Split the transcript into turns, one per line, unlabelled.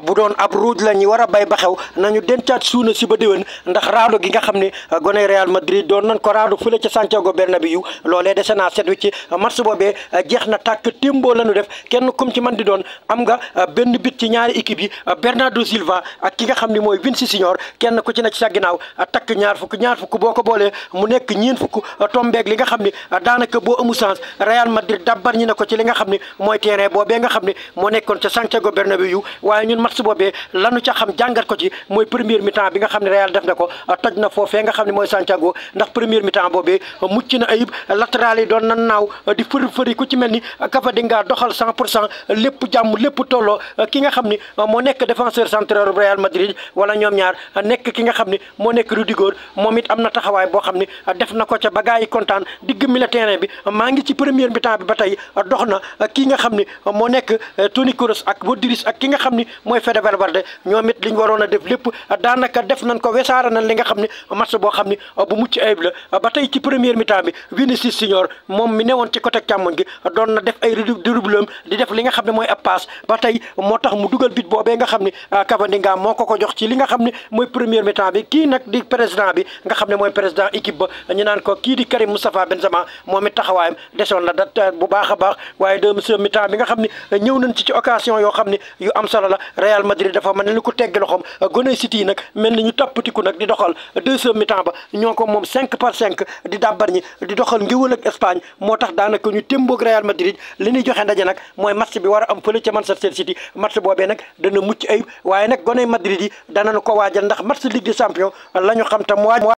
bu doon ab ruuj la ñu war a bay ba xew nañu dencaat suuna si ba déwén ndax raado gi nga xam ne gone Real Madrid doon nañ ko raado fële ca Santiago Bernabéu loolee dese naa set wi ci match boobee jeex na tàkk témboo la ñu def kenn kum ci man di doon am nga benn bit ci ñaari équipe yi Bernardo Silva ak ki nga xam ni mooy Vinicius Junior kenn ku ci na ci sa ginnaaw takk ñaar fukk ñaar fukk boo ko boolee mu nekk ñeen fukk tombeeg li nga xam ne daanaka boo amu sens Real Madrid dabbar ñi na ko ci li nga xam ne mooy terrain boobee nga xam ne moo nekkoon ca Santiago Bernabéu waaye ñun match boobee lanu ca xam jàngat ko ci mooy première mi-temps bi nga xam ne Real def na ko euh, toj na foofee nga xam ne mooy Santiago ndax première mi-temps boobee euh, mucc na ayib latéral doon na naaw euh, di fëri fëri ku ci mel ni Camavinga doxal 100 pour cent lépp jàmm lépp tolloo ki nga xam ni moo nekk défenseur central Real Madrid wala ñoom ñaar nekk ki nga xam ni moo nekk Rudiger moom it am na taxawaay boo xam ni def na ko ca ba gaa yi kontaan digg milieu terrain bi maa ngi ci première mi-temps ba tey dox na ki nga xam ni moo nekk Toni Kroos ak Modrić ak ki nga xam ni mooy Fede Valverde ñoom it waroon a def lépp daanaka def nañ ko wesaara nañ li nga xam ne match boo xam ne bu mucc ayib la ba tey ci première mi-temps bi Vinicius Junior moom mi newoon ci côté càmmoñ gi doon na def ay redoublement di def li nga xam ne mooy a passe ba tey moo tax mu dugal bit boobee nga xam ne ah, Cavani nga moo ko ko jox ci li nga xam ne mooy première mi-temps bi kii nag di président bi nga xam ne mooy président équipe ba ñu naan ko kii di Karim Moustapha Benzema moom it taxawaayam desoon na dat bu baax a baax waaye deuxième mi-temps nga xam ne ñëw nañ ci ci occasion yoo xam ne yu am solo la Real Madrid dafa mel ni ku tegg loxoom gone City yi nag mel ni ñu tappatiku nag di doxal deuxième mi-temps ba ñoo ko moom cinq par cinq di dàbbar ñi di doxal ngiwal ak Espagne moo tax daanaka ñu témboog Real Madrid li ñuy joxe ndaje nag mooy match bi war a am fële ca Manchester City match boobee nag dana mucc ayib waaye nag gone Madrid yi danañu waajal ndax match Ligue des Champions la ñu xam tam